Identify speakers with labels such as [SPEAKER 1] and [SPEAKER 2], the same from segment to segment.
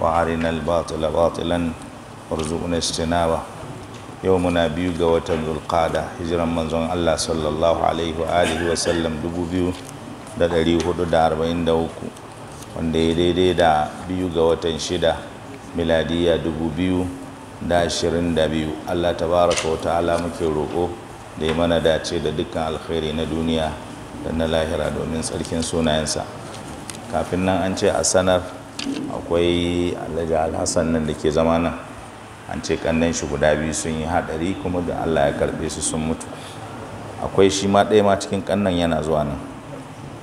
[SPEAKER 1] وأرنا الباطل باطلا وارزقنا اجتنابه يومنا بيو غوتا ذو القعدة هجرا منزون الله صلى الله عليه وآله وسلم دبو بيو da ɗari hudu da arba'in da uku wanda ya daidai da biyu ga watan shida miladiya dubu biyu da ashirin da biyu allah tabaraka wata ta'ala muke roƙo da ya mana dace da dukkan alkhairi na duniya da na lahira domin tsarkin sunayensa kafin nan an ce a sanar akwai alhaji alhassan nan da ke zama nan an ce kannan shi guda biyu sun yi hadari kuma da allah ya karbe su sun mutu akwai shi ma ɗaya ma cikin kannan yana zuwa nan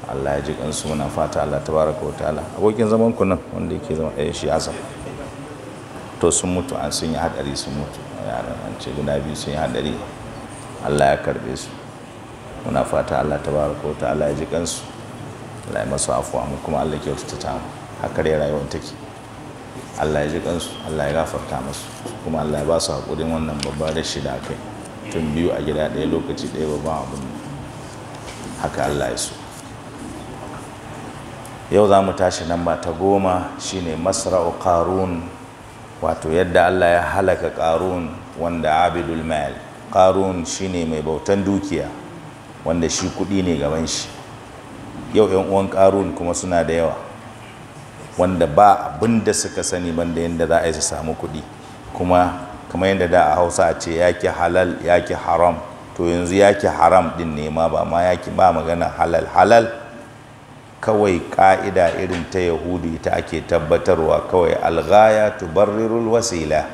[SPEAKER 1] allah ya ji kansu muna fata allah ta baraka wa ta'ala abokin zaman ku nan wanda yake zama ɗaya shi asa to sun mutu an sun yi hadari sun mutu yaran an ce guda biyu sun yi hadari allah ya karbe su muna fata allah ta baraka wa ta'ala ya ji kansu Allah ya masu afuwa mu kuma Allah kyautata ta mu haka dai rayuwar take allah ya ji kansu allah ya gafarta masu kuma allah ya ba su haƙurin wannan babban rashi da aka yi tun biyu a gida ɗaya lokaci ɗaya babban abin haka allah ya so yau za mu tashi namba ta goma shine masra'u qarun wato yadda allah ya halaka qarun wanda abidul mal qarun shine mai bautan dukiya wanda shi kuɗi ne gaban shi yau 'yan uwan qarun kuma suna da yawa wanda ba abin da suka sani banda yadda za a yi su samu kuɗi kuma kamar yadda da a hausa a ce yaki halal yaki haram to yanzu yaki haram din ne ma ba ma yaki ba magana halal halal kawai ka'ida irin ta yahudu ita ake tabbatarwa kawai alghaya barrirul wasila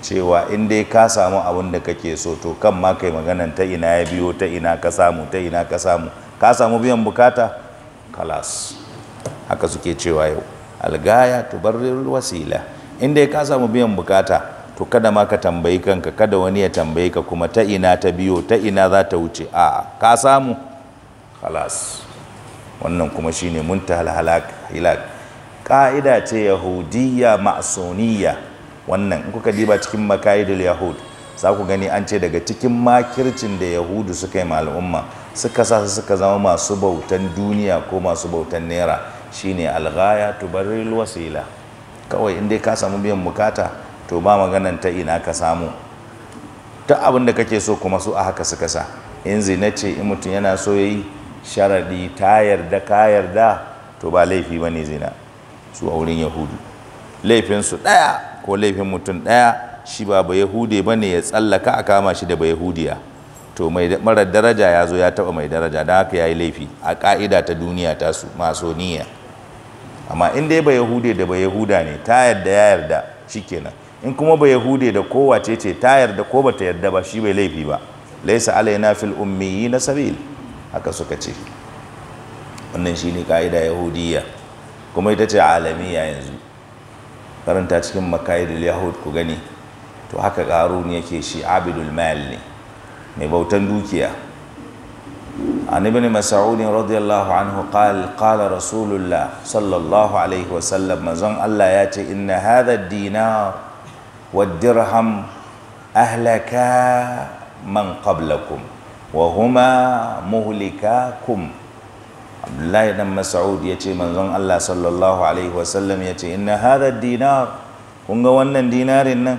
[SPEAKER 1] cewa in dai ka samu abin da kake so to kan ma kai maganan ta ina ya biyo ta ina ka samu ta ina ka samu ka samu biyan bukata kalas haka suke cewa yau algaya tubarrirul wasila inda ka samu biyan bukata to kada ma ka tambayi kanka kada wani ya tambayi ka kuma ta ina ta biyo ta ina za ta wuce a ka samu halas wannan kuma shine muntahal halak hilak ka'ida ce yahudiyya ma'soniyya wannan in kuka diba cikin makaidul yahud za ku gani an ce daga cikin makircin da yahudu suka yi ma al'umma suka sa suka zama masu bautan duniya ko masu bautan naira shine alghaya tubarril wasila kawai in dai ka samu biyan bukata to ba maganan ta ina ka samu ta abin da kake so kuma su a haka suka sa in zina ce in mutum yana so yayi sharadi ta yarda ka yarda to ba laifi bane zina su a wurin yahudu laifin su daya ko laifin mutum daya shi ba ba yahude bane ya tsallaka a kama shi da ba yahudiya to mai marar daraja ya zo ya taba mai daraja don haka ya yi laifi a ka'ida ta duniya tasu masoniya amma in dai ba yahude da ba yahuda ne ta yarda ya yarda kenan in kuma ba yahude da kowace ce ta yarda ko ba ta yarda ba shi bai laifi ba laisa alaina fil ummiyi na sabil haka suka ce wannan shi ne kaida yahudiyya kuma ita ce alamiya yanzu karanta cikin makayidul yahud ku gani to haka ne yake shi abidul mal ne mai bautan dukiya عن ابن مسعود رضي الله عنه قال قال رسول الله صلى الله عليه وسلم مزن الله ياتي إن هذا الدينار والدرهم أهلك من قبلكم وهما مهلكاكم عبد الله بن مسعود ياتي مزن الله صلى الله عليه وسلم ياتي إن هذا الدينار kun ga wannan dinarin nan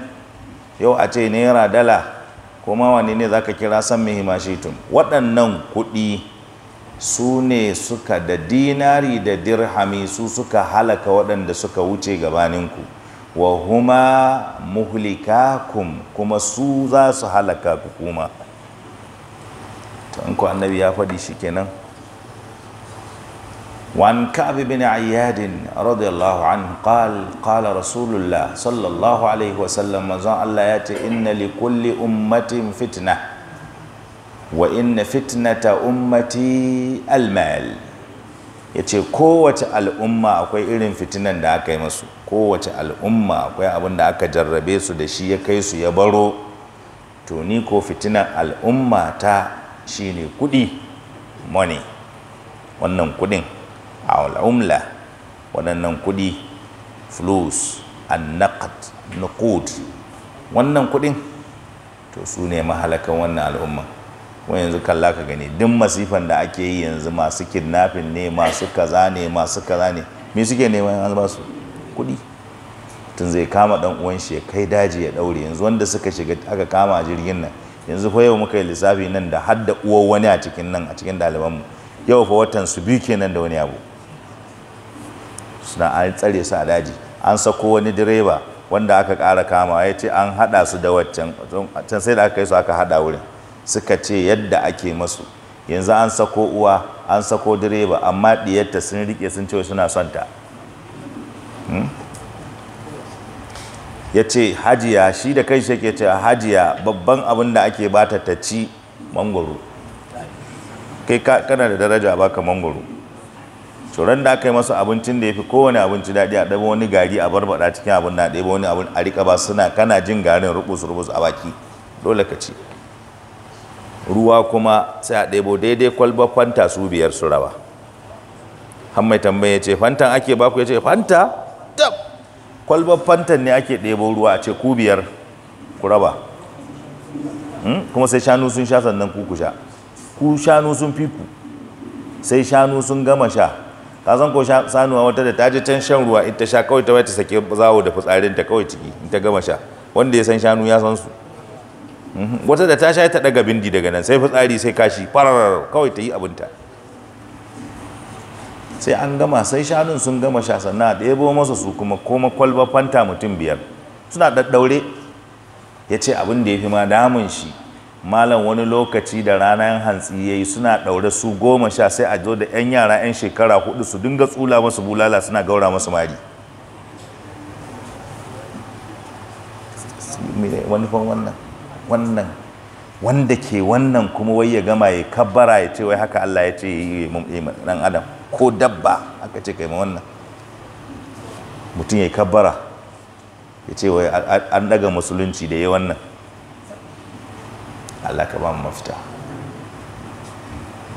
[SPEAKER 1] yau a ce naira dala kuma wani ne za ka kira san tun waɗannan kuɗi su ne suka da dinari da dirhami su suka halaka waɗanda suka wuce gabaninku wa huma muhlikakum kuma su za su halaka ku kuma to in ku annabi ya faɗi shi kenan وعن كعب بن عياد رضي الله عنه قال قال رسول الله صلى الله عليه وسلم وزع الله ياتي إن لكل أمة فتنة وإن فتنة أمتي المال yace kowace al'umma akwai irin fitinan da aka yi masu kowace al'umma akwai abin da aka jarrabe su da shi ya kai su ya baro to ni ko fitinan al'umma ta shine kudi money wannan kudin al'umla waɗannan kuɗi flus annaqad nuqud wannan kuɗin to su ne mahalakan wannan al'umma wani yanzu kalla ka gani duk masifan da ake yi yanzu masu kidnafin ne masu kaza ne masu kaza ne me suke neman an ba su kuɗi tun zai kama dan uwan shi ya kai daji ya ɗaure. yanzu wanda suka shiga aka kama a jirgin nan yanzu fa yau muka yi lissafi nan da hadda uwar wani a cikin nan a cikin ɗalibanmu yau fa watan su biyu kenan da wani abu suna an tsare su a daji an sako wani direba wanda aka kara kama ya ce an haɗa su da waccan sai da aka yi su aka haɗa wurin suka ce yadda ake masu yanzu an sako uwa an sako direba amma ɗiyarta sun riƙe sun ce suna son ta hmm? ya ce hajiya shi da kai shi ce hajiya babban abin da ake bata ta ci mangoro kai kana da daraja baka mangoro to ran da aka yi masa abincin da ya fi kowane abinci daɗi a ɗaba wani gari a barbaɗa cikin abin na ɗaya wani abin a riƙa ba suna kana jin garin rubus rubus a baki dole ka ci ruwa kuma sai a ɗebo daidai kwalba fanta su biyar su raba har mai tambaye ce fantan ake baku ya ce fanta tab kwalba fantan ne ake ɗebo ruwa a ce ku biyar ku raba hmm? kuma sai shanu sun sha sannan ku ku sha ku shanu sun fi ku sai shanu sun gama sha ka san ko sanuwa wata da ta je can shan ruwa ita sha kawai ta wata sake zawo da fitsarin ta kawai ciki in ta gama sha wanda ya san shanu ya san su mhm. wata da ta sha ta daga bindi daga nan sai fitsari sai kashi farar kawai ta yi abinta sai an gama sai shanun sun gama sha sannan a ɗebo masa su kuma koma kwalba fanta mutum biyar suna ɗaɗɗaure ya ce abin da ya fi ma damun shi malam wani lokaci da ranar hantsi ya yi suna ɗaure su goma sha sai a zo da 'yan yara 'yan shekara hudu su dinga tsula masu bulala suna gaura masu mari wannan wanda ke wannan kuma wai ya gama ya kabbara ya ce wai haka Allah ya ce yi ɗan adam ko dabba aka ce kai wannan mutum ya kabbara ya ce wai an daga musulunci da ya wannan Allah ka ba mu mafita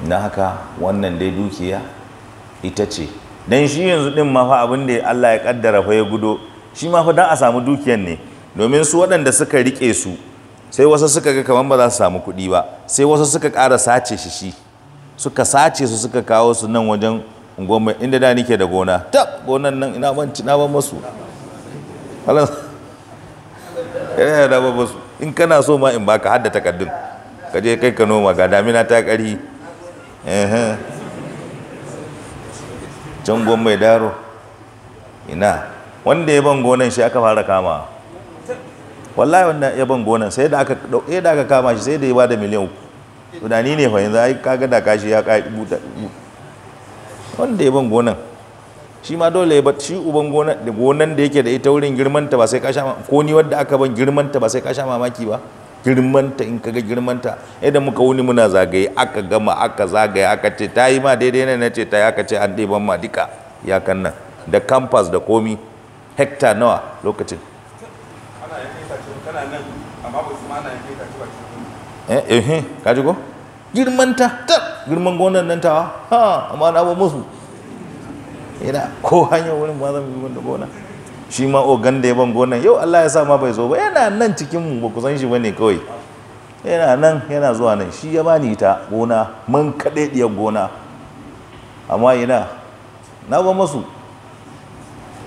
[SPEAKER 1] na haka wannan dai dukiya ita ce Don shi yanzu din ma fa abin da Allah ya kaddara fa ya gudo shi ma fa dan a samu dukiyan ne domin su waɗanda suka riƙe su sai wasu suka ga kamar ba za su samu kuɗi ba sai wasu suka ƙara sace shi shi suka sace su suka kawo su nan wajen goma inda da nike da gona tab gonan nan ina ban ci na ban masu da eh, ban masu in kana so ma in baka hadda takaddun ka je kai ka noma ga damina ta ƙari can mai daro ina wanda ya gonan shi aka fara kama wallahi wanda ya ban gonan sai da aka eh da aka kama shi sai da ya bada miliyan uku tunani ne fa yanzu ai kaga da kashi ya kai buta wanda yaban gonan shi ma dole ya shi uban gonan da yake da ita wurin girmanta ba sai ka sha ko ni wadda aka ban girmanta ba sai ka sha mamaki ba girmanta in kaga girmanta idan muka wuni muna zagaye aka gama aka zagaye aka ce ta yi ma daidai ne na ce ta yi aka ce an ɗeban ma duka kan nan da campus da komi hekta nawa lokacin eh eh, eh ji ko girmanta ta girman gonan nan tawa ha amma na ba musu yana ko hanyar wurin ba zan bi wanda gona shi ma o da ya ban gonan yau Allah ya sa ma bai zo ba yana nan cikin mu ba ku san shi bane kawai yana nan yana zuwa nan shi ya bani ta gona man kaɗai diya gona amma ina na ba masu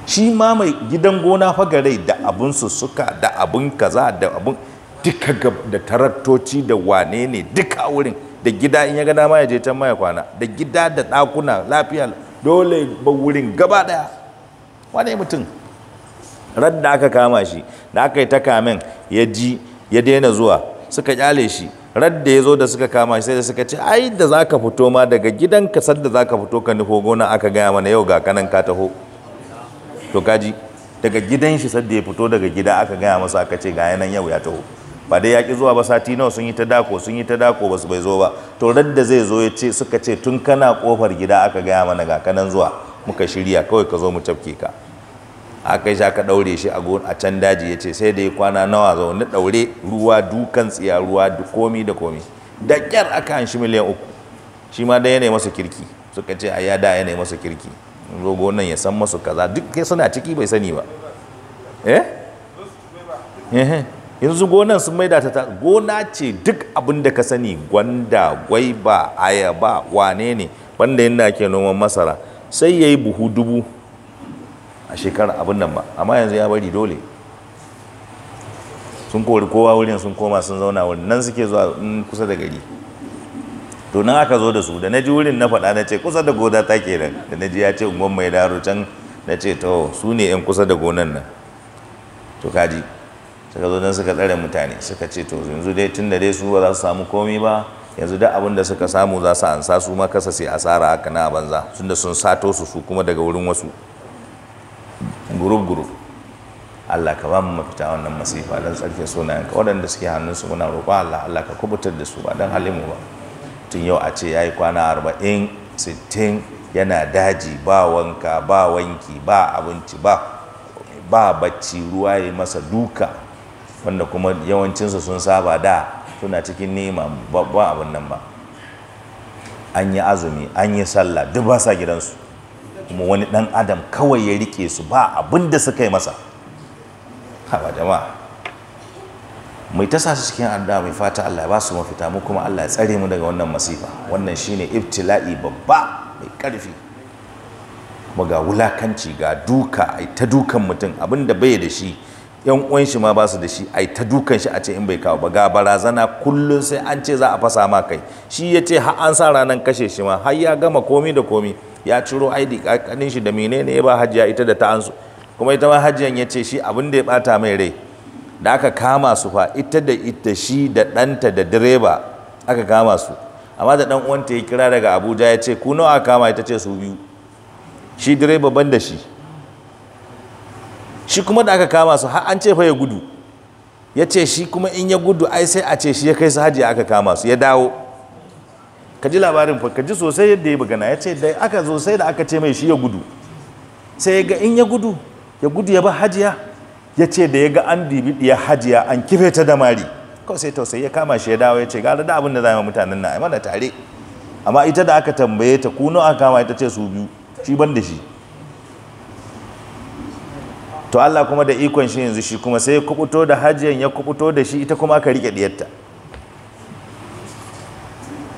[SPEAKER 1] shi ma mai gidan gona fagarai da abun sussuka da abun kaza da abun duka da taraktoci da wane ne duka wurin da gida in ya ga dama ya je can ma kwana da gida da ɗakuna lafiya dole ba wurin gaba daya wane mutum radda aka kama shi da aka yi ta kamen ya ji ya daina zuwa suka kyale shi radda ya zo da suka kama shi sai da suka ce ai da za ka fito ma daga gidanka da za ka fito ka nufo gona aka gaya mana yau ga kanan ka taho to kaji daga gidan shi sadda ya fito daga gida aka gaya masa aka ce ga yanan yau ya taho ba dai yaƙi zuwa ba sati nawa sun yi ta dako sun yi ta dako ba su bai zo ba to radda zai zo ya ce suka ce tun kana kofar gida aka gaya mana ga kanan zuwa muka shirya kawai ka zo mu tafke ka aka yi ka ɗaure shi a a can daji ya ce sai da ya kwana nawa zaune daure ruwa dukan tsiya ruwa da komi da komi da ƙyar aka shi miliyan uku shi ma da yanayi masa kirki suka ce a yada yanayi masa kirki rogo nan ya san masu kaza duk suna ciki bai sani ba eh, eh, eh. yanzu gonan sun maida ta gona ce duk abin da ka sani gwanda gwaiba ayaba wane ne banda da ake noman masara sai ya yi buhu dubu a shekara abin nan ba amma yanzu ya bari dole sun kori kowa wurin sun koma sun zauna wurin nan suke zuwa kusa da gari to nan aka zo da su da naji wurin na faɗa na ce kusa da goda ta ke nan. da naji ya ce ungon mai daro can na ce to su ne yan kusa da gonan nan to kaji suka zo don suka tsare mutane suka ce to yanzu dai tun da dai su ba za su samu komi ba yanzu duk abin da suka samu za su ansa su ma kasa sai asara haka na banza tun da sun sato su su kuma daga wurin wasu guruf guruf. Allah ka ba mu mafita wannan masifa don tsarkin sunayenka waɗanda suke hannunsu muna roƙo Allah Allah ka kubutar da su ba don halimu ba tun yau a ce ya yi kwana arba'in sittin yana daji ba wanka ba wanki ba abinci ba bacci ruwa ya masa duka wanda kuma yawancinsu sun saba da suna cikin nema ba abin nan ba an yi azumi an yi sallah duk ba sa gidansu kuma wani dan adam kawai ya rike su ba abin da suka yi masa hawa jama'a mai tasa su cikin addu'a mai fata Allah ya ba su mafita mu kuma Allah ya tsare mu daga wannan masifa wannan shine iftila'i babba mai karfi. kuma ga wulakanci ga duka ta dukan mutum abin da bai da shi yan uwan shi ma ba su da shi ai ta dukan shi a ce in bai kawo ba ga barazana kullun sai an ce za a fasa ma kai shi ya ce har an sa ranar kashe shi ma har ya gama komi da komi ya ciro id kanin shi da menene ya ba hajiya ita da ta ansu kuma ita ma hajiyan ya ce shi abin da ya bata mai rai da aka kama su fa ita da ita shi da ɗanta da direba aka kama su amma da ɗan uwanta ya kira daga abuja ya ce ku nawa kama ita ce su biyu shi direba ban da shi shi kuma da aka kama su har an ce fa ya gudu ya ce shi kuma in ya gudu ai sai a ce shi ya kai su hajji aka kama su ya dawo ka ji labarin fa ka ji sosai yadda ya bugana ya ce da aka zo sai da aka ce mai shi ya gudu sai ga in ya gudu ya gudu ya ba hajiya ya ce da ya ga an dibi ya hajiya an kife ta damari kawai sai tausayi ya kama shi ya dawo ya ce gara da abin da za mutanen na mana tare amma ita da aka tambaye ta kuno aka kama ita ce su biyu shi ban da shi to Allah kuma da ikon shi yanzu shi kuma sai ya kubuto da hajiyan ya kubuto da shi ita kuma aka rike diyarta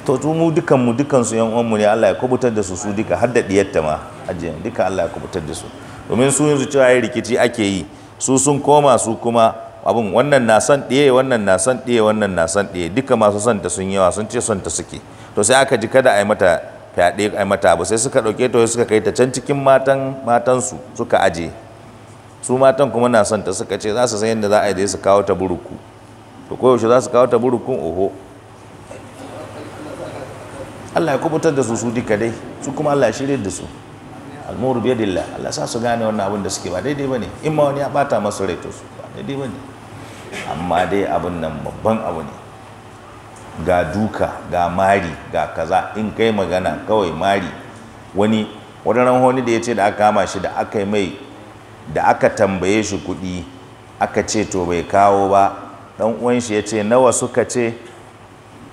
[SPEAKER 1] to tu mu dukan mu dukan su yan uwanmu ne Allah ya kubutar da su su duka har da diyarta ma hajiyan duka Allah ya kubutar da su domin su yanzu cewa ya rikici ake yi su sun koma su kuma abin wannan na son ɗiye wannan na son ɗiye wannan na son ɗiye duka masu son ta sun yawa sun ce son ta suke to sai aka ji kada a yi mata fyaɗe a yi mata abu sai suka ɗauke ta suka kai ta can cikin matan matansu suka aje su matan kuma na son ta suka ce za su san yadda za a yi da su kawo ta buruku to koyaushe za su kawo ta burukun oho Allah ya kubutar da su su duka dai su kuma Allah ya shirya da su almuru biya dilla Allah sa su gane wannan abin da suke ba daidai bane in ma wani ya bata masu rai to su ba daidai bane amma dai abin nan babban abu ne ga duka ga mari ga kaza in kai magana kawai mari wani wani ran da ya ce da aka kama shi da aka yi mai da aka tambaye shi kuɗi aka ce to bai kawo ba ɗan uwan shi ya ce nawa suka ce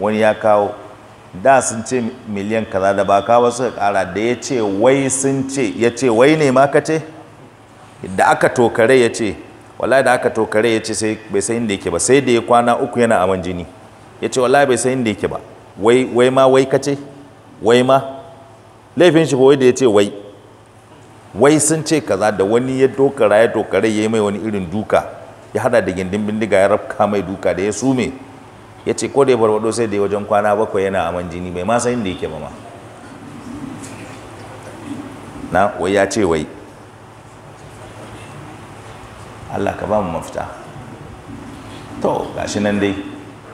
[SPEAKER 1] wani ya kawo da sun ce miliyan kaza da ba kawo suka ƙara da ya ce wai sun ce ya ce wai ne ma ka ce da aka tokare ya ce wala da aka tokare ya ce sai bai san inda yake ba sai da ya kwana uku yana aman jini ya ce wala bai san inda yake ba wai ma wai ka ce wai ma laifin shi ko da ya ce wai wai sun ce kaza da wani ya dokara ya dokare ya yi mai wani irin duka ya hada da gindin bindiga ya rafka mai duka da ya sume ya ce ko da ya barbado sai da wajen kwana bakwai yana aman jini bai ma san da yake ba ma na wai ya ce wai Allah ka ba mu mafita to gashi nan dai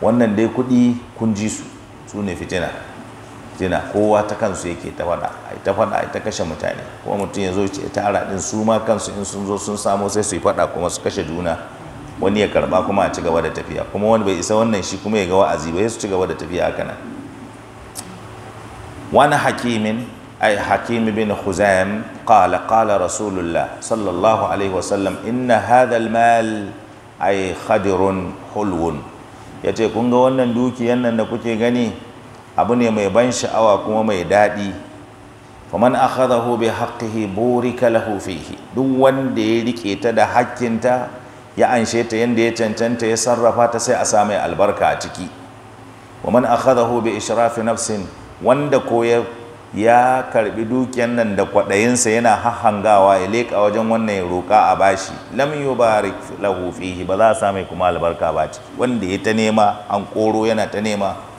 [SPEAKER 1] wannan dai kuɗi kun ji su su ne fitina fitina kowa ta kansu yake ta fada a ta fada a ta kashe mutane kuma mutum ya zo ce ara din su ma kansu in sun zo sun samo sai su yi fada kuma su kashe juna wani ya karba kuma a ci gaba da tafiya kuma wani bai isa wannan shi kuma ya ga wa'azi ba su ci gaba da tafiya haka nan wani hakimin ay hakim bin khuzaim qala qala rasulullah sallallahu alaihi wasallam inna hadha almal ay khadirun hulwun yace kun ga wannan dukiyan nan da kuke gani abu ne mai ban sha'awa kuma mai daɗi faman akhadahu bi haqqihi burika lahu fihi duk wanda ya rike ta da hakkinta ya anshe ta yanda ya cancanta ya sarrafa ta sai a sa mai albarka a ciki waman akhadahu bi ishrafi nafsin wanda ko ya ya karbi dukiyan nan da kwaɗayinsa yana hahangawa ya leka wajen wannan ya roƙa a bashi lam yubarik lahu fihi ba za a sa mai kuma albarka ba ciki wanda ya ta nema an koro yana ta nema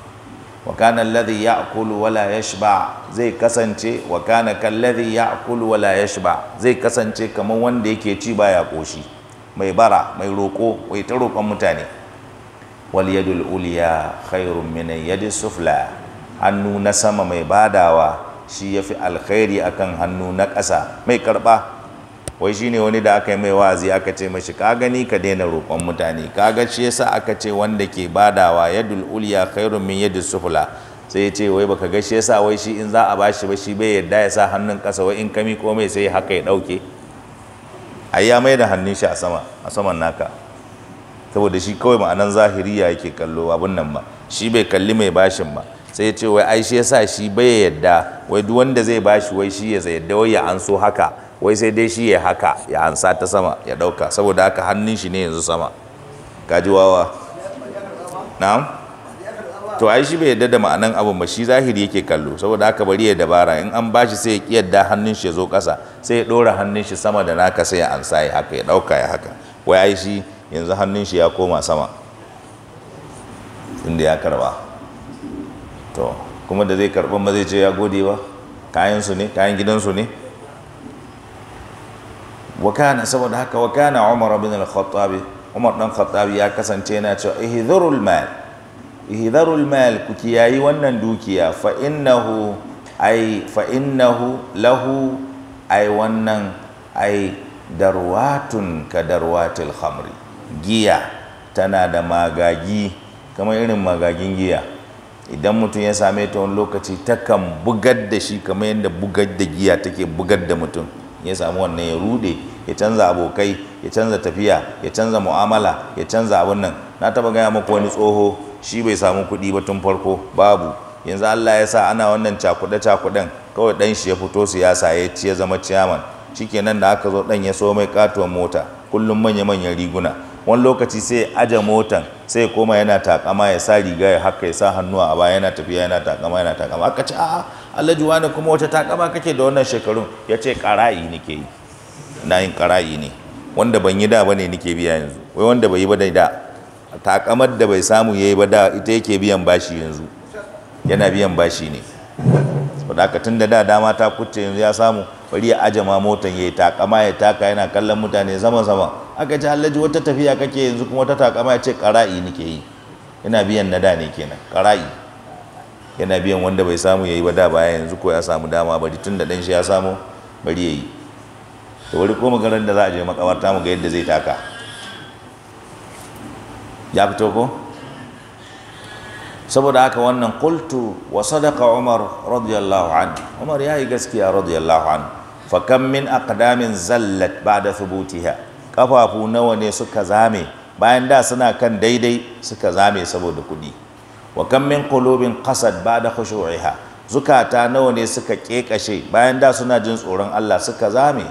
[SPEAKER 1] wa kana alladhi ya'kulu ya la zai kasance wa kana a ya'kulu ya la zai kasance kamar wanda yake ci baya koshi mai bara mai roƙo wai ta roƙon mutane wal uliya khairun min yadi sufla hannu na sama mai badawa shi ya yafi alkhairi akan hannu na ƙasa mai karɓa wai shine wani da aka yi mai wa'azi aka ce mashi ka gani ka daina roƙon mutane kaga shi yasa aka ce wanda ke badawa yadul ulya khairun min yadis sufla sai ya ce wai baka ga shi yasa wai shi in za a bashi ba shi bai yadda ya sa hannun kasa wai in ka komai sai haka ya ɗauke ai ya mai da hannun shi a sama a saman naka saboda shi kawai ma'anan zahiri ya yake kallo abun nan ba shi bai kalli mai bashin ba sai ya ce wai ai shi yasa shi bai yadda wai duk wanda zai bashi wai shi ya yadda wai ya an so haka wai sai dai shi ya haka ya ansa ta sama ya ɗauka saboda haka hannun shi ne yanzu sama kaji wawa na'am to ai shi bai yadda da ma'anan abun ba shi zahiri yake kallo saboda haka bari ya dabara in an bashi sai ya ki yadda hannun shi ya zo ƙasa sai ya ɗora hannun shi sama da naka sai ya ansa ya haka ya ɗauka ya haka wai ai shi yanzu hannun shi ya koma sama inda ya karba to kuma da zai karba ma zai ce ya gode ba kayan su ne kayan gidansu ne wakana saboda haka wakana umar bin al-khattabi umar dan khattabi ya kasance yana cewa ihdharul mal ihdharul mal ku kiyayi wannan dukiya fa ai fa innahu lahu ai wannan ai darwatun ka darwatil khamri giya tana da magagi kamar irin magagin giya idan mutum ya same ta wani lokaci takan bugar da shi kamar yadda bugar da giya take bugar da mutum ya samu wannan ya rude ya canza abokai ya canza tafiya ya canza mu'amala ya canza abin nan na taba gaya muku wani tsoho shi bai samu kuɗi ba tun farko babu yanzu Allah ya sa ana wannan cakuɗe cakuɗen kawai ɗan shi ya fito siyasa ya ci ya zama ciyaman shikenan da aka zo ɗan ya so mai katuwar mota kullum manya manyan riguna wani lokaci sai aje motan sai koma yana takama ya sa riga ya haka ya sa hannu a baya yana tafiya yana takama yana takama aka ce a'a alhaji wani kuma wata takama kake da wannan shekarun ya ce ƙara'i nake yi na yin ƙara'i ne wanda ban yi da ba ne nike biya yanzu wai wanda bai yi ba da takamar da bai samu ya yi ba da ita yake biyan bashi yanzu yana biyan bashi ne saboda tun da da dama ta kutte yanzu ya samu bari ya aje ma motan ya yi takama ya taka yana kallon mutane sama sama aka ce halaji wata tafiya kake yanzu kuma wata takama ya ce ƙara'i nike yi yana biyan na da ne kenan ƙara'i yana biyan wanda bai samu ya yi ba da baya yanzu ko ya samu dama bari tun da ɗan shi ya samu bari ya yi da wuri ko maganar da za a je makabarta mu ga yadda zai taka ya fito ko saboda haka wannan kultu wa sadaka umar radiyallahu anhu umar yayi gaskiya radiyallahu anhu fa kam min aqdamin zallat ba'da thubutiha kafafu nawa ne suka zame bayan da suna kan daidai suka zame saboda kuɗi wa kam min qulubin qasad ba'da khushu'iha zukata nawa ne suka kekashe bayan da suna jin tsoron Allah suka zame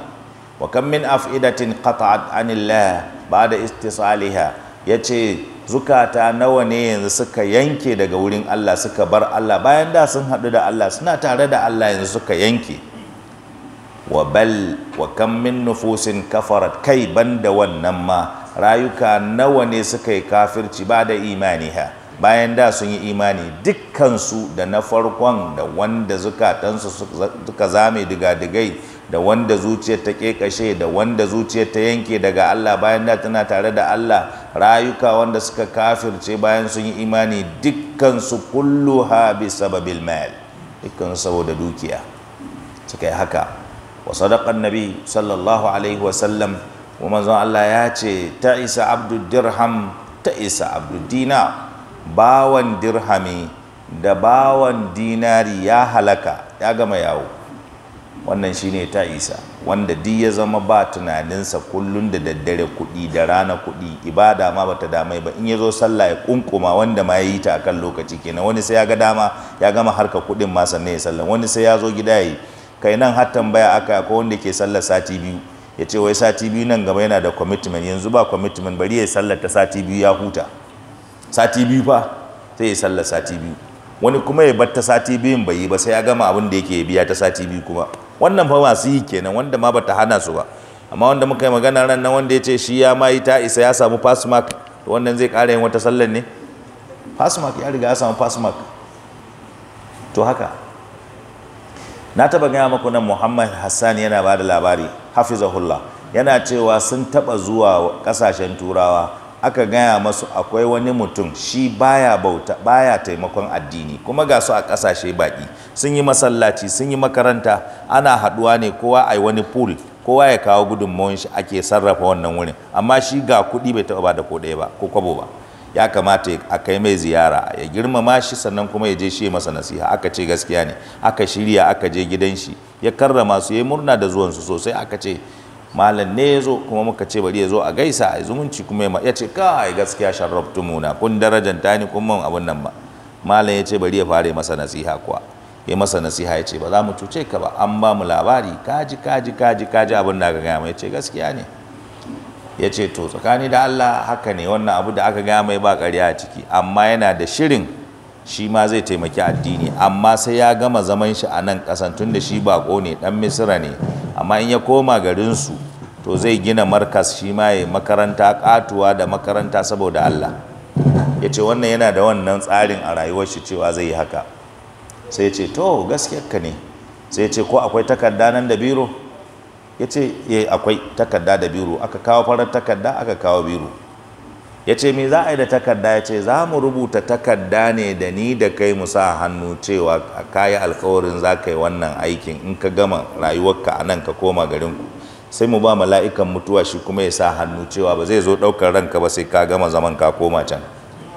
[SPEAKER 1] wa min af'idatin qata'at anillah ba'da istisaliha yace zukata nawa ne yanzu suka yanke daga wurin Allah suka bar Allah bayan da sun haɗu da Allah suna tare da Allah yanzu suka yanke wa bal wa kam min nufusin kafarat kai banda wannan ma rayuka nawa ne suka yi kafirci ba da ha bayan da sun yi imani dukkansu da na farkon da wanda zukatansu suka zame diga-digai da wanda zuciyar ta kekashe da wanda zuciyar ta yanke daga Allah bayan da tana tare da Allah rayuka wanda suka kafirce bayan sun yi imani dukkan su kulluha bi sababil mal dukkan saboda dukiya suka yi haka wa sadaqan nabi sallallahu alaihi wa sallam manzon Allah ya ce ta isa dirham ta isa abdul dina bawan dirhami da bawan dinari ya halaka ya gama yawo wannan shine ta isa wanda duk ya zama ba tunaninsa kullum da daddare kuɗi da rana kuɗi ibada ma bata damai ba in ya zo sallah ya kunkuma wanda ma ya yi ta akan lokaci kenan wani sai ya ga dama ya gama harka kuɗin ma sannan ya sallah wani sai ya zo gida ya yi kai nan har tambaya aka ko wanda ke sallar sati biyu ya ce wai sati biyu nan gaba yana da commitment yanzu ba commitment bari ya sallar ta sati biyu ya huta sati biyu fa sai ya sallar sati biyu wani kuma ya bar ta sati biyun bai yi ba sai ya gama abin da yake biya ta sati biyu kuma wannan fa masu yi kenan wanda ma bata hana su ba amma wanda muka yi magana ran nan wanda ya ce shi ya ma yi ta isa ya samu pass mark wannan zai kara yin wata sallar ne pass ya riga ya samu pass to haka na taba gaya maku nan Muhammad Hassan yana ba da labari hafizahullah yana cewa sun taba zuwa kasashen turawa aka gaya masu akwai wani mutum shi baya bauta baya taimakon addini kuma ga su a ƙasashe baƙi sun yi masallaci sun yi makaranta ana haɗuwa ne kowa a wani pool kowa ya kawo gudunmawan shi ake sarrafa wannan wurin amma shi ga kuɗi bai taɓa ba da ko ɗaya ba ko kwabo ba ya kamata a kai mai ziyara ya girmama shi sannan kuma ya je shi masa nasiha aka ce gaskiya ne aka shirya aka je gidan shi ya karrama su ya murna da zuwansu sosai aka ce malam ne ya zo kuma muka ce bari ya zo a gaisa a zumunci kuma ya ce kai gaskiya sharrabtu muna kun darajanta ni kun man abun nan ba malam ya ce bari ya fara masa nasiha kuwa ya masa nasiha ya ce ba za mu cuce ka ba an ba mu labari kaji kaji kaji kaji abin da aka gaya mai ya ce gaskiya ne ya ce to tsakani da Allah haka ne wannan abu da aka gaya mai ba ƙarya a ciki amma yana da shirin shi ma zai taimaki addini amma sai ya gama zaman shi a nan ƙasan tun da shi baƙo ne dan misira ne amma in ya koma garinsu to zai gina markas shi ma ya makaranta katuwa da makaranta saboda Allah ya ce wannan yana da wannan tsarin a rayuwar shi cewa zai yi haka sai ya ce to gaskiyar ka ne sai ce ko akwai takarda nan da biro ya ce eh, akwai takarda da biro aka kawo farar takarda aka kawo biro ya ce me za a yi da takarda ya ce za mu rubuta takarda ne da ni da kai mu sa hannu cewa ka yi alkawarin za ka yi wannan aikin in ka gama rayuwarka a nan ka koma garin ku. sai mu ba mala'ikan mutuwa shi kuma ya sa hannu cewa ba zai zo ɗaukar ranka ba sai ka gama zaman ka koma can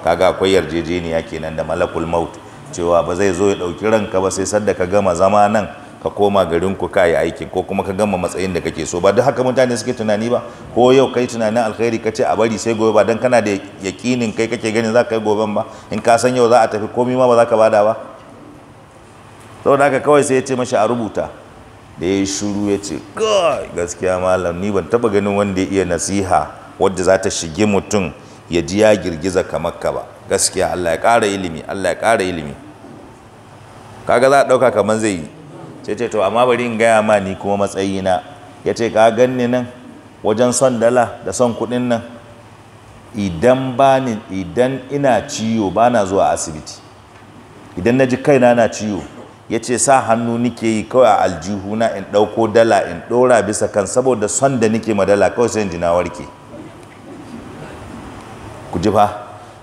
[SPEAKER 1] kaga akwai yarjejeniya kenan da malakul maut cewa ba zai zo ya ɗauki ranka ba sai sadda ka gama zama nan ka koma garinku ka yi aikin ko kuma ka gama matsayin da kake so ba duk haka mutane suke tunani ba ko yau kai tunanin alkhairi ka ce a bari sai gobe ba Don kana da yakinin kai kake ganin za ka yi goben ba in ka san yau za a tafi komi ma ba za ka bada ba da haka kawai sai ya ce mashi a rubuta da ya shuru ya ce gai gaskiya malam ni ban taba ganin wanda ya iya nasiha wadda za ta shige mutum ya ji ya girgiza kamar ka ba gaskiya Allah ya ƙara ilimi Allah ya ƙara ilimi kaga za a ɗauka kamar zai yi ce ce to amma bari in gaya ma ni kuma matsayina ya ce ka ganni nan wajen son dala da son kuɗin nan idan bani idan ina ciwo bana zuwa asibiti idan na ji kaina na ciwo ya ce sa hannu nike yi kawai a aljihu na in ɗauko dala in ɗora bisa kan saboda son da nike ma dala kawai sai in ji na warke ku ji fa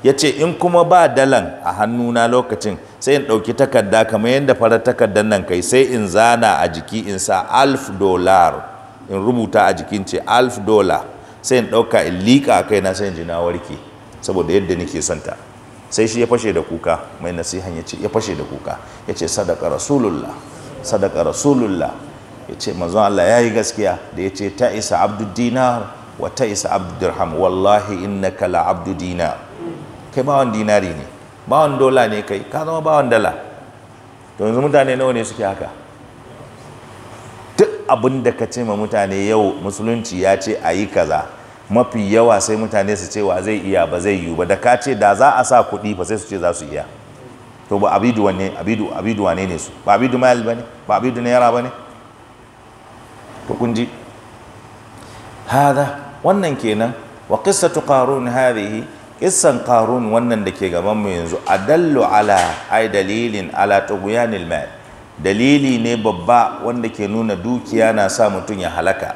[SPEAKER 1] ya ce in kuma ba dalan a hannu na lokacin sai in ɗauki takarda kamar yadda farar takardar nan kai sai in zana a jiki in sa alf dolar in rubuta a jikin ce alf dola sai in ɗauka in liƙa a na sai in ji na warke saboda yadda nake santa sai shi ya fashe da kuka mai nasihan ya ce ya fashe da kuka ya ce sadaka rasulullah sadaka rasulullah ya ce manzon Allah ya yi gaskiya da ya ce ta isa abdu dinar wa ta isa abdu dirham wallahi innaka la abdu dinar kai bawan dinari ne bawan dola ne kai ka zama bawan dala to yanzu mutane nawa ne suke haka abin da ka ce ma mutane yau musulunci ya ce a yi kaza mafi yawa sai mutane su ce wa zai iya ba zai yiwu ba da ka ce da za a sa kuɗi ba sai su ce za su iya to ba abidu wane abidu abidu wane ne su ba abidu mayal ne? ba abidu na yara ba ne? kun kunji hada wannan kenan wa qissatu qarun hadhihi qissan qarun wannan da ke gaban mu yanzu adallu ala ay dalilin ala tughyanil mal dalili ne babba wanda ke nuna dukiya na sa mutum ya halaka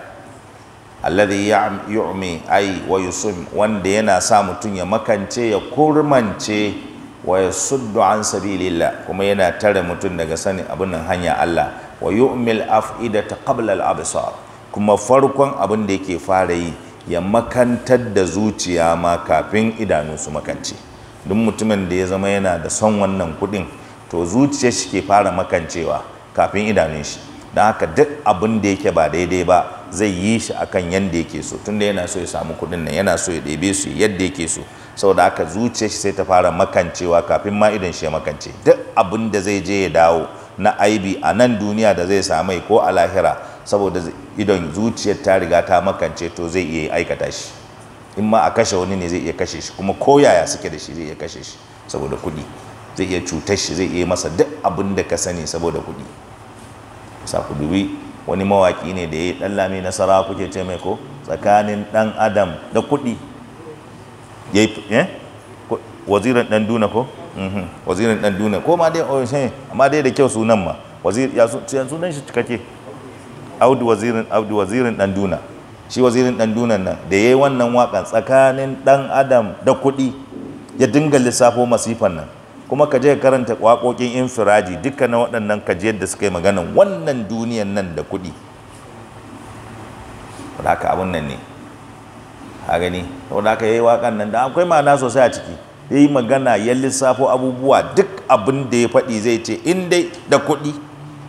[SPEAKER 1] alladhi yu'mi ay wa yusum wanda yana sa mutum ya makance ya kurmance wa yasuddu an sabilillah kuma yana tare mutum daga sanin abin nan hanya Allah wa yu'mil af'idata qabla al-absar kuma farkon abin da yake fara yi ya makantar da zuciya ma kafin idanu su makance duk mutumin da ya zama yana da son wannan kuɗin to zuciyar shi ke fara makancewa kafin idanun shi don haka duk abin da yake ba daidai ba zai yi shi akan yadda yake so tunda yana so ya samu kuɗin nan yana so ya ɗebe su yadda yake so saboda haka zuciyar shi sai ta fara makancewa kafin ma idan shi ya makance duk abin da zai je ya dawo na aibi a nan duniya da zai samai ko a lahira saboda idon zuciyar ta riga ta makance to zai iya aikata shi in ma a kashe wani ne zai iya kashe shi kuma ko yaya suke da shi zai iya kashe shi saboda kuɗi zai iya cutar shi zai iya masa duk abin da ka sani saboda kuɗi sa ku dubi wani mawaƙi ne da ya yi ɗan lami nasara kuke ce mai ko tsakanin ɗan adam da kuɗi ya yi eh? wazirin ɗan duna ko mhm. wazirin ɗan duna ko ma dai oh, amma dai da kyau sunan ma wazir ya sunan shi cikake audu wazirin audu wazirin ɗan duna shi wazirin ɗan Duna nan da ya yi wannan waƙan tsakanin ɗan adam da kuɗi ya dinga lissafo masifan nan kuma ka je ka karanta waƙoƙin infiraji na waɗannan ka je yadda suka yi magana wannan duniyan nan da kuɗi haka abun nan ne a gani wadda haka yayi waƙan nan da akwai ma'ana sosai a ciki ya yi magana ya lissafo abubuwa duk abin da ya faɗi zai ce in dai da kuɗi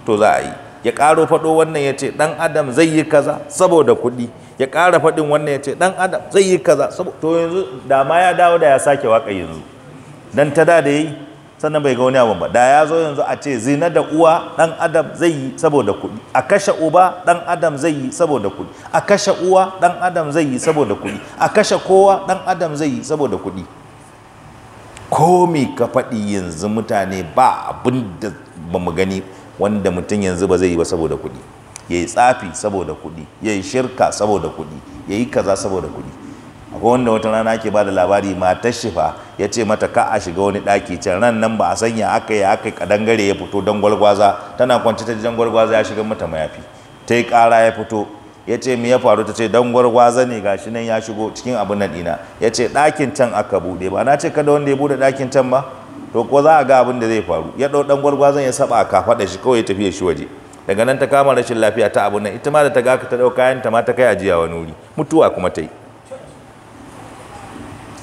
[SPEAKER 1] to za a yi ya ƙaro faɗo wannan ya ce ɗan adam zai yi kaza saboda kuɗi ya ƙara faɗin wannan ya ce ɗan adam zai yi kaza to yanzu da ma ya dawo da ya sake waƙa yanzu dan ta da da yi. sannan bai ga wani abu ba da ya zo yanzu a ce zina da uwa dan adam zai yi saboda kuɗi a kashe uba dan adam zai yi saboda kuɗi a kashe uwa dan adam zai yi saboda kuɗi a kashe kowa dan adam zai yi saboda kuɗi ko me ka faɗi yanzu mutane ba abin da ba mu gani wanda mutum yanzu ba zai yi ba saboda kuɗi ya yi tsafi saboda kuɗi ya yi shirka saboda kuɗi ya yi kaza saboda kuɗi akwai wanda wata rana ake ba da labari matar shifa ya ce mata ka a shiga wani daki can ran nan ba a sanya aka yi aka kadangare ya fito don gwalgwaza tana kwance ta jan gwalgwaza ya shiga mata mayafi ta yi ƙara ya fito ya ce mu ya faru ta ce don gwargwaza ne gashi nan ya shigo cikin abin nan ɗina ya ce ɗakin can aka buɗe ba na ce kada wanda ya bude dakin can ba to ko za a ga abin da zai faru ya ɗau ɗan gwargwazon ya saba a kafaɗa shi kawai ya tafi shi waje daga nan ta kama rashin lafiya ta abin nan ita ma da ta ga ta ɗau kayan ta ma ta kai ajiya wani wuri mutuwa kuma ta yi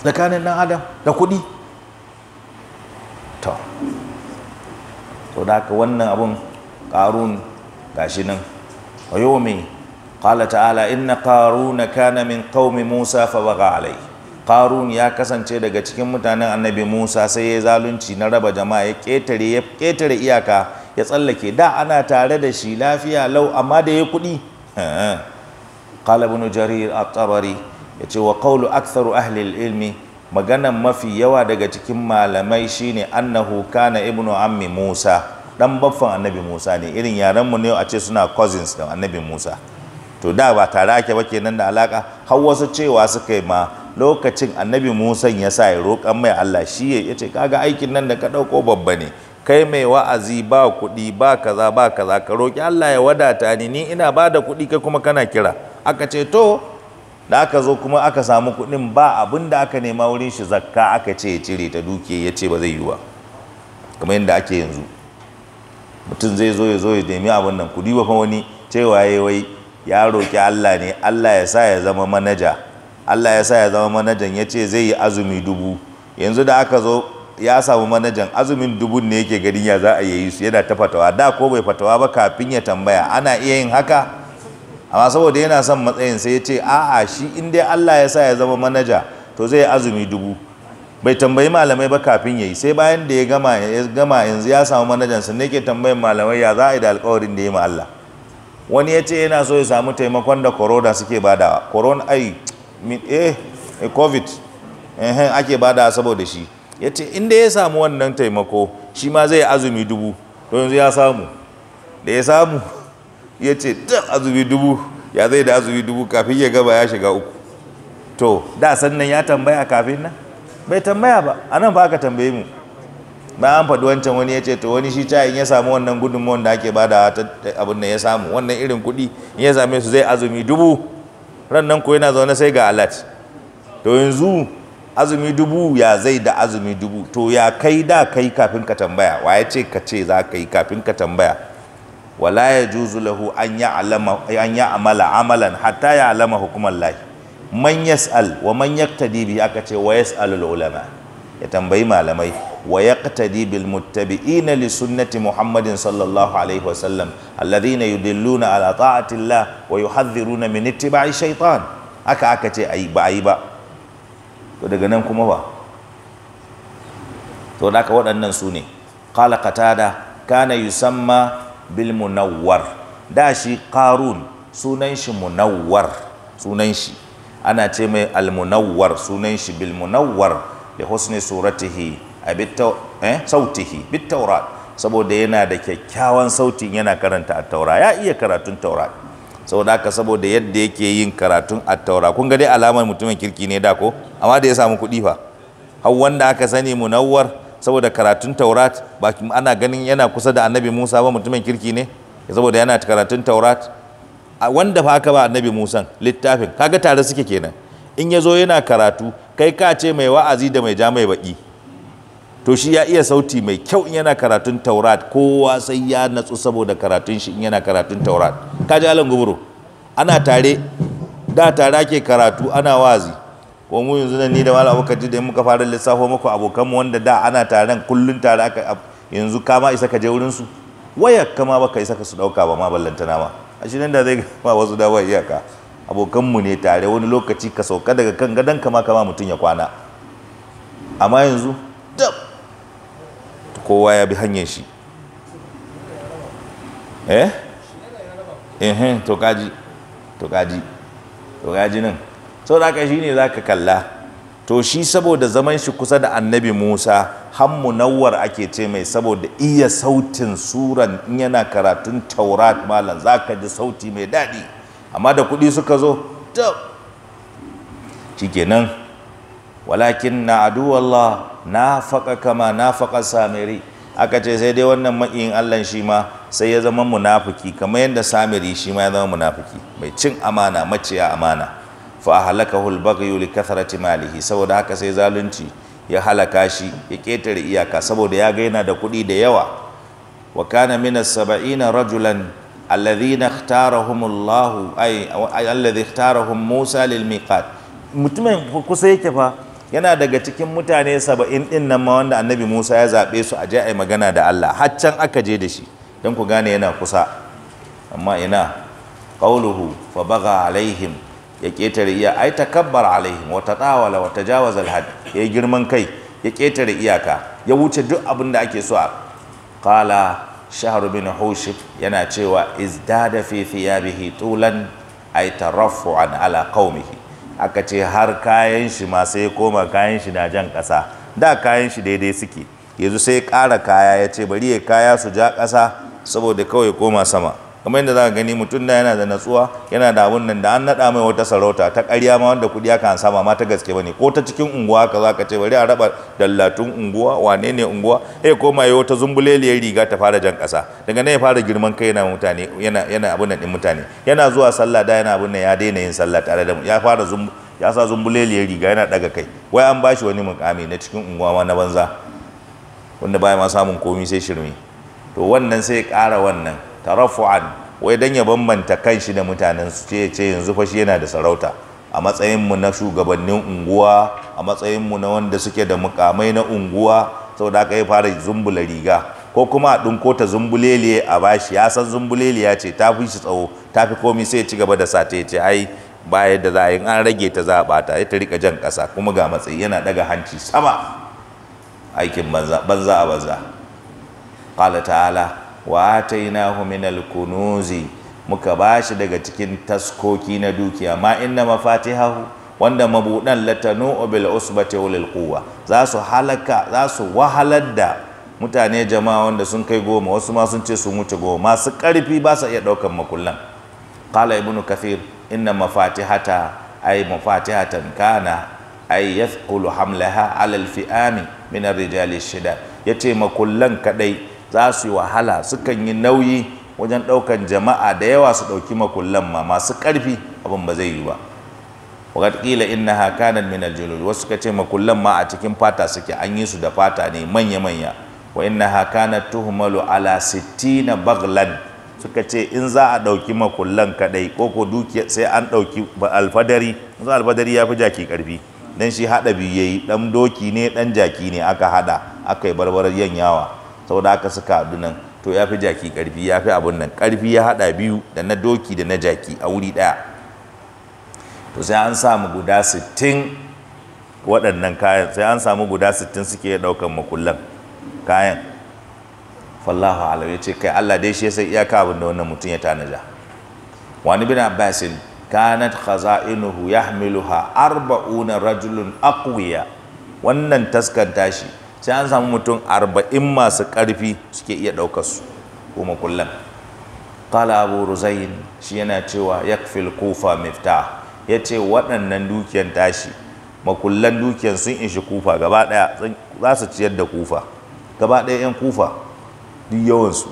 [SPEAKER 1] tsakanin ɗan adam da kuɗi to to da haka wannan abun ƙarun gashi nan a yau mai ƙala ta'ala inna na kana min ƙaumi musa fa baga alai ƙarun ya kasance daga cikin mutanen annabi musa sai ya zalunci na raba jama'a ya ƙetare ya ƙetare iyaka ya tsallake da ana tare da shi lafiya lau amma da ya kuɗi ƙala ibn jarir a tabari ya ce wa kawulu aksaru ahlil ilmi maganan mafi yawa daga cikin malamai shine annahu kana ibnu ammi Musa dan baffan annabi Musa ne irin yaran mu ne a ce suna cousins da annabi Musa to da ba tare ake ba kenan da alaka har wasu cewa suka yi ma lokacin annabi Musa ya sa ya roƙan mai Allah shi ya ce kaga aikin nan da ka ɗauko babba ne kai mai wa'azi ba kuɗi ba kaza ba kaza ka roƙi Allah ya wadata ni ni ina ba da kuɗi kai kuma kana kira aka ce to da aka zo kuma aka samu kuɗin ba abin da aka nema wurin shi zakka aka ce ya cire ta duke ya ce ba zai yi ba kamar yadda ake yanzu mutum zai zo ya zo ya nemi abin nan kuɗi ba fa wani cewa ya wai ya roki Allah ne Allah ya sa ya zama manaja Allah ya sa ya zama manajan ya ce zai yi azumi dubu yanzu da aka zo ya samu manajan azumin dubu ne yake gani ya za a yi su yana ta fatawa da ko bai fatawa ba kafin ya tambaya ana iya yin haka amma saboda yana son matsayin sai ya ce a'a shi in Allah ya sa ya zama manaja to zai azumi dubu bai tambayi malamai ba kafin yayi sai bayan da ya gama ya gama yanzu ya samu manajan sa ne ke tambayin malamai ya za a yi da alƙawarin da ya ma Allah wani ya ce yana so ya samu taimakon da corona suke badawa corona ai eh, eh covid eh ake badawa saboda shi ya ce inda ya samu wannan taimako shi ma zai azumi dubu to yanzu ya samu da ya samu ya ce azumi dubu ya zai da azumi dubu kafin ya gaba ya shiga uku to da sannan ya tambaya kafin nan bai tambaya ba a nan ba ka tambaye mu ba an faɗi wancan wani ya ce to wani shi cayin ya samu wannan gudunmawar da ake bada abin da ya samu wannan irin kuɗi in ya same su zai azumi dubu ran nan ko yana zaune sai ga alat to yanzu azumi dubu ya zai da azumi dubu to ya kai da kai kafin ka tambaya wa ya ce ka ce za ka yi kafin ka tambaya wala ya juzu lahu an ya amala amalan hatta ya alama hukumar lahi man yas'al wa man yaqtadi bi aka ce wa yas'alul ulama ya tambayi malamai wa yaqtadi bil muttabi'ina li sunnati muhammadin sallallahu alaihi wa sallam alladhina yudilluna ala ta'ati llah wa yuhadhiruna min ittiba'i shaytan haka aka ce ayi ba ayi ba to daga nan kuma ba to da haka waɗannan su ne qala qatada kana yusamma bil da shi karun sunan shi munawwar sunan shi ana ce mai almunawwar sunan shi bilmunawar da husni suratihi a eh, sautihi bit saboda yana da kyakkyawan sautin yana karanta a taura ya iya karatun taura saboda haka saboda yadda yake yin karatun a taura kun ga dai alamar mutumin kirki ne da ko amma da ya samu kuɗi fa hau wanda aka sani munawwar saboda karatun taurat ba ana ganin yana kusa da annabi musa ba mutumin kirki ne saboda yana karatun taurat wanda fa haka ba annabi musa littafin kaga tare suke kenan in ya zo yana karatu kai ka ce mai wa'azi da mai ja mai baki to shi ya iya sauti mai kyau in yana karatun taurat kowa sai ya natsu saboda karatun shi in yana karatun taurat kaji alan guburo ana tare da tare ake karatu ana wa'azi. wa mu yanzu ni da malam abubakar da muka fara lissafo muku abokan mu wanda da ana taron kullun tare aka yanzu kama isa ka je wurin su waya kama baka isa ka su dauka ba ma ballantana ma a shi nan da zai ba wasu da wai iyaka abokan mu ne tare wani lokaci ka sauka daga kan gadon kama kama mutum ya kwana amma yanzu dab kowa ya bi hanyar shi eh eh to kaji to kaji to kaji nan saboda haka za ka kalla to shi saboda zaman shi kusa da annabi Musa har munawwar ake ce mai saboda iya sautin suran in yana karatun taurat malam zaka ji sauti mai daɗi amma da kuɗi suka zo to shikenan walakin na Allah na faƙa kama na faƙa samiri aka ce sai dai wannan ma'in Allah shi ma sai ya zama munafuki kamar yadda samiri shi ma ya zama munafuki mai cin amana maciya amana fa halaka al Yuli li kathrati malihi saboda haka sai zalunci ya halaka shi ya ketare iyaka saboda ya ga yana da kuɗi da yawa wa kana min rajulan alladhina ikhtarahum Allah ay Musa lil mutumin kusa yake fa yana daga cikin mutane saba'in din nan ma wanda Annabi Musa ya zaɓe su a je magana da Allah haccan aka je da shi dan ku gane yana kusa amma ina qawluhu fa baga alaihim ya ƙetare iya ai takabbar alaihim wa tatawala wa tajawaza alhad ya girman kai ya ƙetare iyaka ya wuce duk abin da ake so a qala shahru bin hushif yana cewa izdada fi thiyabihi tulan ay taraffu'an ala qaumihi aka ce har kayan shi ma sai koma kayan shi na jan ƙasa da kayan shi daidai suke yanzu sai ƙara kaya ya ce bari ya kaya su ja ƙasa saboda kawai koma sama kamar yadda za ka gani mutum da yana da natsuwa yana da abun nan da an naɗa mai wata sarauta ta ƙarya ma wanda kuɗi aka sama ma ta gaske bane ko ta cikin unguwa haka za ka ce bari a raba dallatun unguwa wane ne unguwa eh ma yi wata zumbuleliyar riga ta fara jan ƙasa daga nan ya fara girman kai yana mutane yana yana abun nan din mutane yana zuwa sallah da yana abun nan ya daina yin sallah tare da mu ya fara zumbu ya sa zumbuleliyar riga yana daga kai wai an bashi wani mukami na cikin unguwa ma na banza wanda baya ma samun komi sai shirme to wannan sai ya ƙara wannan tarafu'an wai dan ya bambanta kanshi da mutanen su ce ce yanzu fa shi yana da sarauta a matsayin mu na shugabannin unguwa a matsayin mu na wanda suke da mukamai na unguwa saboda haka ya fara zumbula riga ko kuma a dinko ta zumbuleliye a bashi ya san zumbuleliya ce ta fi shi tsawo ta fi komi sai ya ci gaba da sa ta ce ai ba yadda za a yi an rage ta za a bata ya ta rika jan kasa kuma ga matsayi yana daga hanci sama aikin banza a banza qala ta'ala wa atainahu minal kunuzi muka bashi daga cikin taskoki na dukiya ma inna mafatihahu wanda mabudan latano bil usbati ulil quwwa za su halaka za su wahalar da mutane jama'a wanda sun kai goma wasu ma sun ce sun wuce goma masu karfi ba su iya daukan makullan qala ibnu kathir inna mafatihata ay mafatihatan kana ay yathqulu hamlaha ala al fi'ami min ar-rijali shida yace makullan kadai za su yi wahala sukan yi nauyi wajen ɗaukan jama'a da yawa su ɗauki makullan ma masu ƙarfi abin ba zai yi ba wakat ƙila inna ha kanan min wasu suka ce makullan ma a cikin fata suke an yi su da fata ne manya manya wa inna na kanat tuhumalu ala sittina baglan suka ce in za a ɗauki makullan kaɗai ko ko dukiya sai an ɗauki alfadari za alfadari ya fi jaki ƙarfi dan shi haɗa biyu yayi ɗan doki ne ɗan jaki ne aka haɗa aka yi barbarar yawa saboda haka suka haɗu nan to ya fi jaki karfi ya fi abun nan ƙarfi ya haɗa biyu da na doki da na jaki a wuri ɗaya to sai an samu guda sittin waɗannan kayan sai an samu guda sittin suke ɗaukan makullan kayan fallahu ala ya ce kai Allah dai shi ya san iyaka abin da wannan mutum ya tanaja wani bin abbasin kanat khaza'inuhu yahmiluha arba'una rajulun aqwiya wannan taskanta shi sai an samu mutum arba'in masu ƙarfi suke iya ɗaukar su kuma kullum qala abu ruzayin shi yana cewa yakfil kufa mifta ya ce waɗannan dukiyan tashi makullan dukiyan sun ishi kufa gaba ɗaya za su ciyar da kufa gaba ɗaya 'yan kufa duk yawansu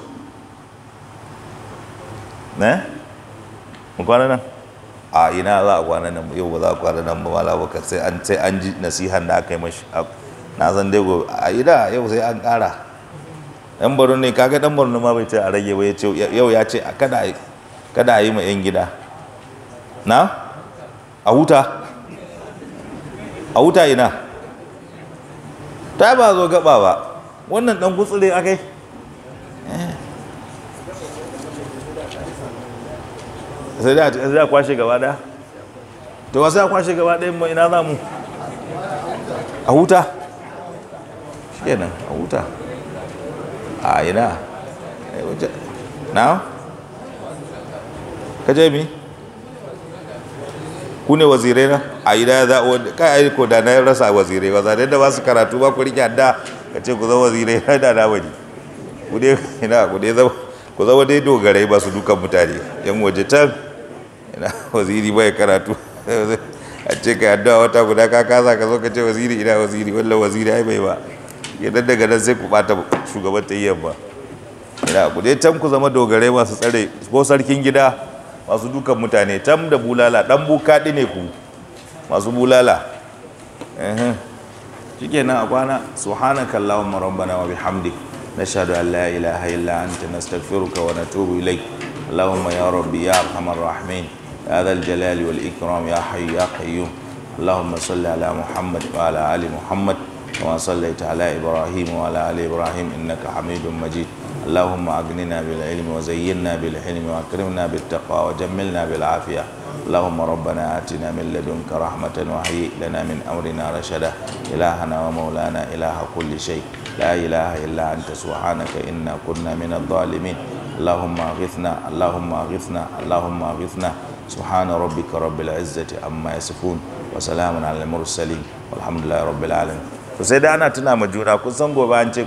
[SPEAKER 1] ne? mu kwana nan? a ina za a kwana nan yau ba za a kwana nan ba malabakar sai an ji nasihan da aka yi mashi na san dai gobe a ida yau sai an ƙara yan baro ne kaga dan borno ma bai ce a rage ba yace yau ya ce kada kada a yi ma yan gida na a huta a huta ina ta ba zo gaba ba wannan dan gutsure akai eh. sai da sai da kwashe gaba da to wasu kwashe gaba ɗayan mu ina za mu a huta kenan a huta a ina eh, na ka jami ku ne wazirai na a ina za a kai ko da na rasa wazirai ba zane da ba su karatu ba ku rike da ka ce ku zama wazirai na da na wani ku ne ina ku ne zama ku zama dai dogarai ba su dukan mutane yan waje can ina waziri bai karatu a ce ka yadda wata guda ka kasa ka zo ka ce waziri ina waziri wallan waziri ai bai ba idan daga nan zai ku bata shugaban tayyar ba ina ku dai can ku zama dogare masu tsare ko sarkin gida masu dukan mutane tam da bulala dan bukaɗi ne ku masu bulala shikenan a kwana subhanaka allahumma rabbana wa bihamdik nashhadu an la ilaha illa anta nastaghfiruka wa natubu ilayk allahumma ya rabbi ya arhamar rahimin ya dhal jalali wal ikram ya hayyu ya qayyum اللهم صل على محمد وعلى ال محمد كما صليت على إبراهيم وعلى آل إبراهيم إنك حميد مجيد اللهم أغننا بالعلم وزينا بالحلم وأكرمنا بالتقوى وجملنا بالعافية اللهم ربنا آتنا من لدنك رحمة وهيئ لنا من أمرنا رشدا إلهنا ومولانا إله كل شيء لا إله إلا أنت سبحانك إنا كنا من الظالمين اللهم أغثنا اللهم أغثنا اللهم أغثنا سبحان ربك رب العزة عما يصفون وسلام على المرسلين والحمد لله رب العالمين sai da ana tuna ma juna kun san gobe an ce